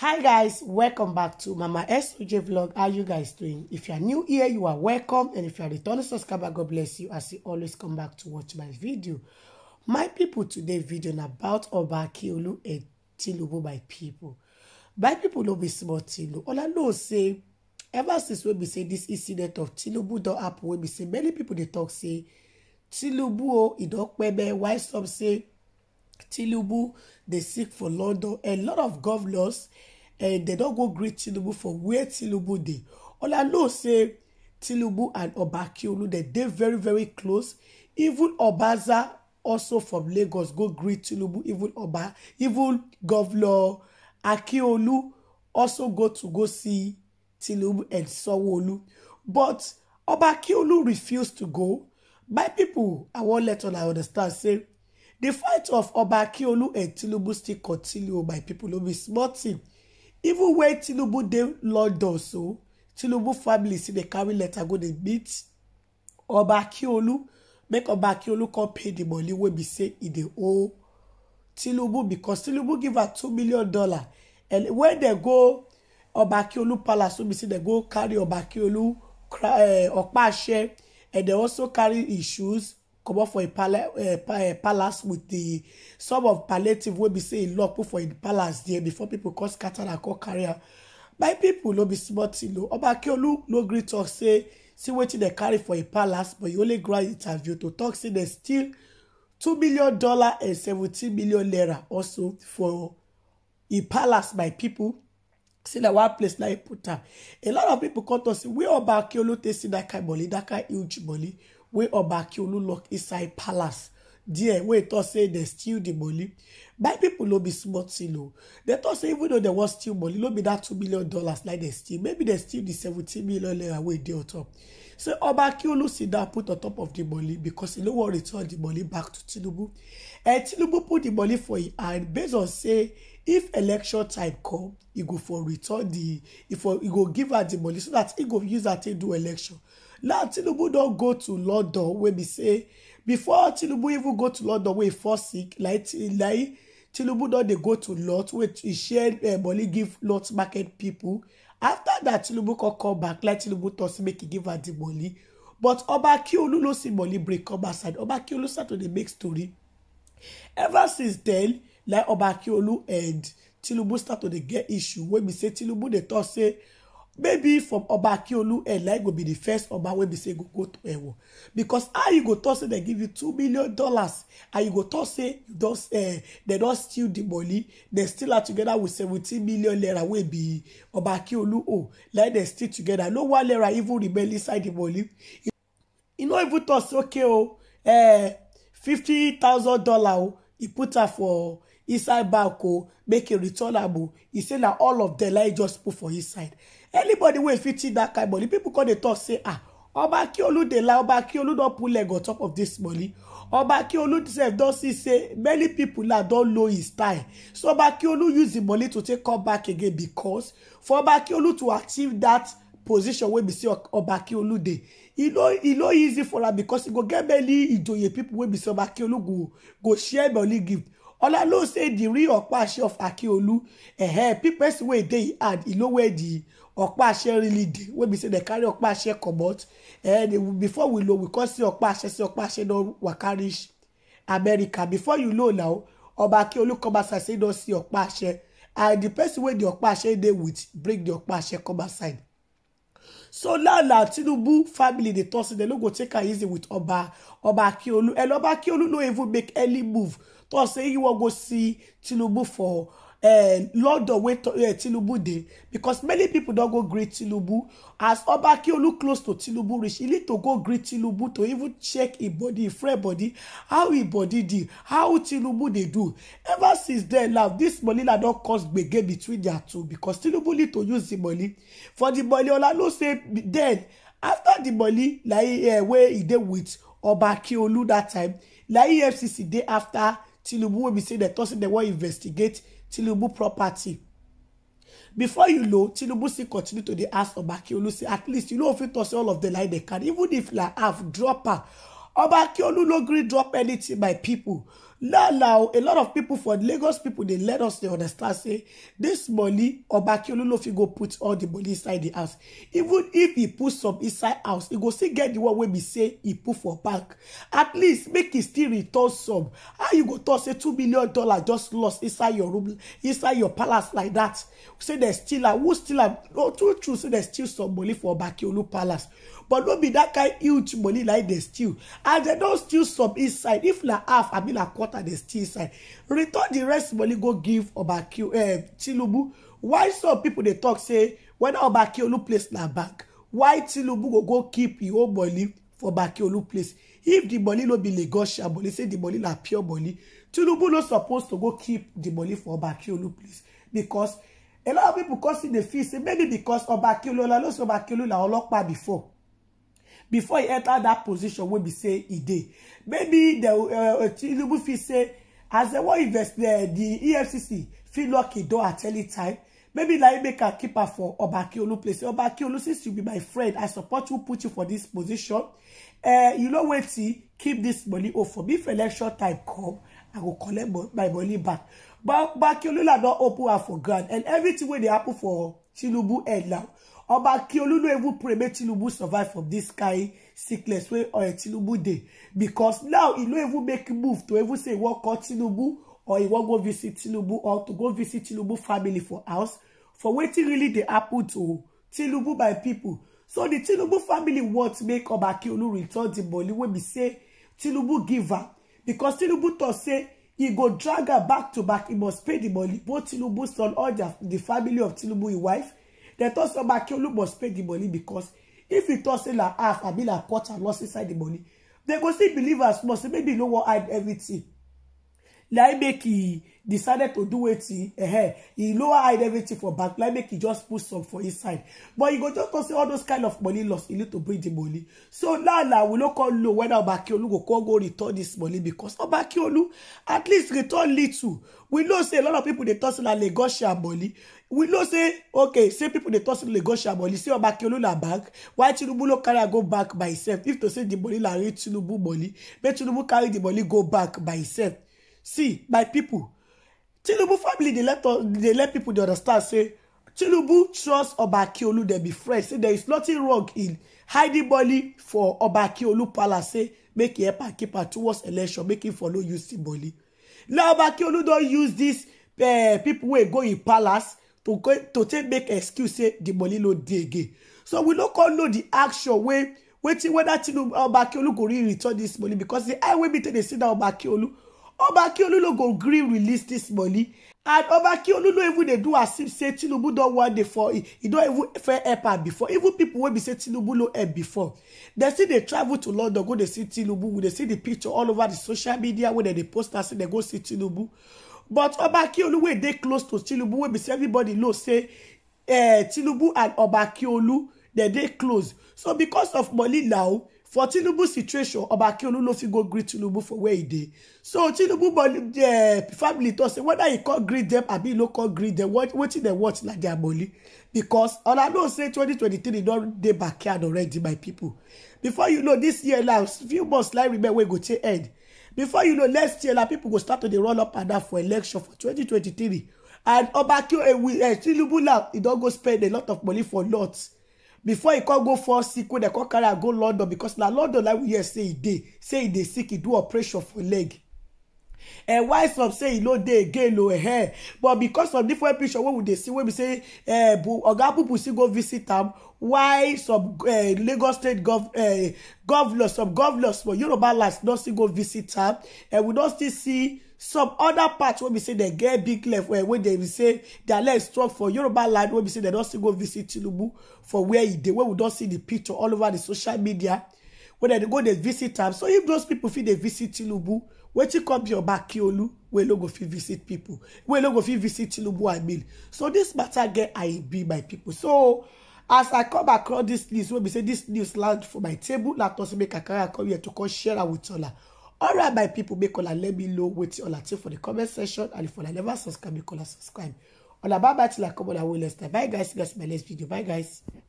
hi guys welcome back to mama soj vlog how you guys doing if you are new here you are welcome and if you are returning subscriber god bless you as you always come back to watch my video my people today video na about oba Akiolu and Tinubu by people by people no be small I know say ever since we be say this incident of Tinubu don happen we be say many people they talk say Tinubu o e don pẹbẹ why some say Tinubu, they seek for London. A lot of governors, and eh, they don't go greet Tinubu for where Tinubu dey. All I know say Tinubu and Oba Akiolu, they dey very, very close. Even Obaza also from Lagos go greet Tinubu, even Oba, even Governor Akiolu also go to go see Tinubu and sanwo But Oba Akiolu refused to go. My people, I wan let una understand say The fight of oba akiolu and tinubu still continue by oh, people who be smarting. even when tinubu dey lord also, tinubu family still dey carry letter go they meet oba akiolu make oba akiolu come pay the money wey be say in the owe tinubu because tinubu give her two million dollars and when they go oba akiolu palace so be say dem go carry oba akiolu okpashe eh, and they also carry issues comot for a palace palace with the some of palliative wey be say e lock put for im palace there before people come scatter and come carry my people no be smart, you oh. know. oba akeolu no gree talk say see what they carry for a palace but you e only grant interview to talk say dem still two million dollar and seventeen million lira also for a e palace my people. see that one place now he put up. a lot of people come to see. We about akeolu take that dat kind money dat kind huge money wey oba akiolu lock inside palace there wey talk say dem steal the money my people no be small tin o dem talk say even though dem wan steal money no be that two million dollars like dem steal maybe dem steal the seventeen million naira wey dey on top say oba akiolu sit down put on top of the money because e no wan return the money back to tinubu and eh, tinubu put the money for him hand based on say if election time come he go for return the di he go give her the money so that he go use her take do election now tinubu don go to london wey be say before tinubu even go to london wey e fall sick like like tinubu don dey go to lot wey e share eh, money give lot market people. After that tinubu come come back like tinubu tok say make he give her the money but oba akiolu no see money break come outside oba akiolu start to dey make story ever since then like oba akiolu and tinubu start to dey get issue wey be say tinubu dey talk say maybe from oba akiolu head eh, like go be the first oba when be say go go to ewo eh, because how you go talk say They give you two million dollars and you go talk say eh, they don't steal the money dem steal her togeda with seventeen million naira wey be oba akiolu owe like they still together. no one naira even remain inside the money You know, if you toss okay oh, eh fifty thousand dollar o oh, e put her for inside bank oh, make it returnable. Oh. He said that all of the like just put for his side anybody wey fit see that kind money People come dey talk say ah oba akiolu dey lie oba akiolu don put leg on top of this money oba akiolu sef don see say many people now don low his style so oba akiolu use the money to take come back again because for oba akiolu to achieve that position wey be say oba akiolu dey e no easy for am because e go get many ijoye pipo wey be say oba akiolu go share money give Olalo say the real Okpashe of Akiolu, eh, people wey dey add, e know where the Okpashe really dey. Wey be say they carry Okpashe comot. Eh, before we know, we come see Okpashe, see Okpashe don wakarish America. Before you know now, Oba Akiolu come outside say don see Okpashe. And the person wey the Okpashe dey with, bring the Okpashe come aside. so now na tinubu family dey talk say dem no go take am easy with oba oba akiolu and oba akiolu no even make any move tó say you wan go see tinubu for uh, eh, london wey uh, eh, tinubu dey because many people don go greet tinubu as oba akiolu close to tinubu reach he need to go greet tinubu to even check him body him friend body how him body dey how tinubu dey do ever since then now this money na don cause gbege between their two because tinubu need to use the money for the money olano say then after the money like uh, wey he dey with oba akiolu that time like efcc dey after tinubu will be saying that tok say dem investigate tinubu property before you know tinubu still continue to the ask obakiolu say at least you know if tok say all of the like they can even if like half dropper am obakiolu no gree drop anything my people now now a lot of people for lagos people dey let us dey understand say this money oba akinolu fit go put all the money inside the house even if he put some inside house he go still get the one wey be say he put for bank at least make he still return some how you go talk say two million dollars just lost inside your room inside your palace like that? say they steal am who steal am no true true say they steal some money for oba akinolu palace but no be that kind huge money like they steal and they don steal some inside if na half i mean na quarter out and they still side, return the rest money go give eh, tinubu why some people they talk say weda obakiolu place na bank why tinubu go go keep your e own money for obakiolu place if the money no be lagos they say the money na pure money tinubu no supposed to go keep the money for obakiolu place because a lot of people, come still dey feel say maybe because obakiolu ola no say obakiolu na olopa before before he enter that position wey be say he dey maybe the uh, uh, tinubu fit say as dem wan invest uh, the efcc Feel lucky, e door at any time maybe like make a keeper for obakiolu place obakiolu since you be my friend i support you put you for this position uh, you know wetin keep this money off for me if election time come i will collect my money back but obakiolu don open am for ground and everything wey they happen for tinubu head now Oba Kiolu no even pray make Tinubu survive from this kind sickness way or eh, a Tinubu day. Because now he no even make move to even say what call Tinubu or he won't go visit Tinubu or to go visit Tinubu family for house. For waiting really the apple to Tinubu by people. So the Tinubu family want make Oba Kiolu return the money when we say Tinubu give her. Because Tinubu thought say he go drag her back to back. He must pay the money. Both Tinubu son, or the, the family of Tinubu, his wife, dem talk say oba akeolu must pay the money because if e talk say na half abi na quarter loss inside the money dem go still believe am small maybe e no wan hide everything Laimeki decided to do it uh, he lower hide everything for back Laimeki just put some for inside but he go just come see all those kind of money loss He need to bring the money so now now we no come know whether Obakiolu go come go return this money because Obakiolu at least return little we know say a lot of people dey talk say na Lagos share money we know say okay say people dey talk say Lagos share money say Obakiolu na bank why Tinubu no carry am go back by himself if to say the money na real Tinubu money make Tinubu carry the money go back by himself see my people, tinubu family dey let let people dey understand say tinubu trust oba akiolu dem be friends say there is nothing wrong in hiding money for oba akiolu palace say make e help am keep am towards election make him follow use the money now oba akiolu don use dis eh, people wey go im palace to to take make excuse say the money no dey again so we no come know the action wey wetin whether tinubu oba akiolu go really return this money because the eye wey me take dey see na oba akiolu Oba Akinolu go gree release this money. And Oba Akinolu no even dey do as if say Tinubu don one day for he don even fair help am before. Even people wey be say Tinubu no help before. Dem still dey travel to London go dey see Tinubu. We dey see the picture all over the social media wey dem dey post am say dem go see Tinubu. But Oba Akinolu wey dey close to Tinubu wey be say everybody know say eh, Tinubu and Oba Akinolu dem dey close. So because of money now, for tinubu situation ọba akiolu no fit go greet tinubu for where he dey so tinubu uh, family talk say whether he come greet them, abi e no come greet dem wetin dem want na their money because una know say 2023 don dey backyard already my people before you know this year now few months like remain wey go take end before you know next year na people go start to dey run up and down for election for 2023 and ọba akiolu eh, eh, tinubu now e don go spend a lot of money for lots before e come go fall sick wey dem come carry am go london because na london like we hear say e dey say e dey sick e do operation for leg And why some say e no dey again o oh, eh but because of different picture wey we dey see wey be say uh, oga pupu still go visit am why some uh, lagos state gov uh, governors some governors for yoruba lands no still go visit am and we don still see some other parts wey be say dem get big left where wey dem be say their leg strong for yoruba land wey be say dem don still go visit tinubu for where e dey wey we don see the picture all over the social media wey dem go dey visit am so if those people fit dey visit tinubu wetin come be oba akiolu wey no go fit visit people wey no go fit visit tinubu i mean so this matter get iab my people so as i come across this news wey be say this news land for my table na to make i carry am come here to come share am with una all right my people make una let me know wetin una think for the comment section and if una never subscribe make una subscribe una bye bye till i come on our next time bye guys see you guys in my next video bye guys.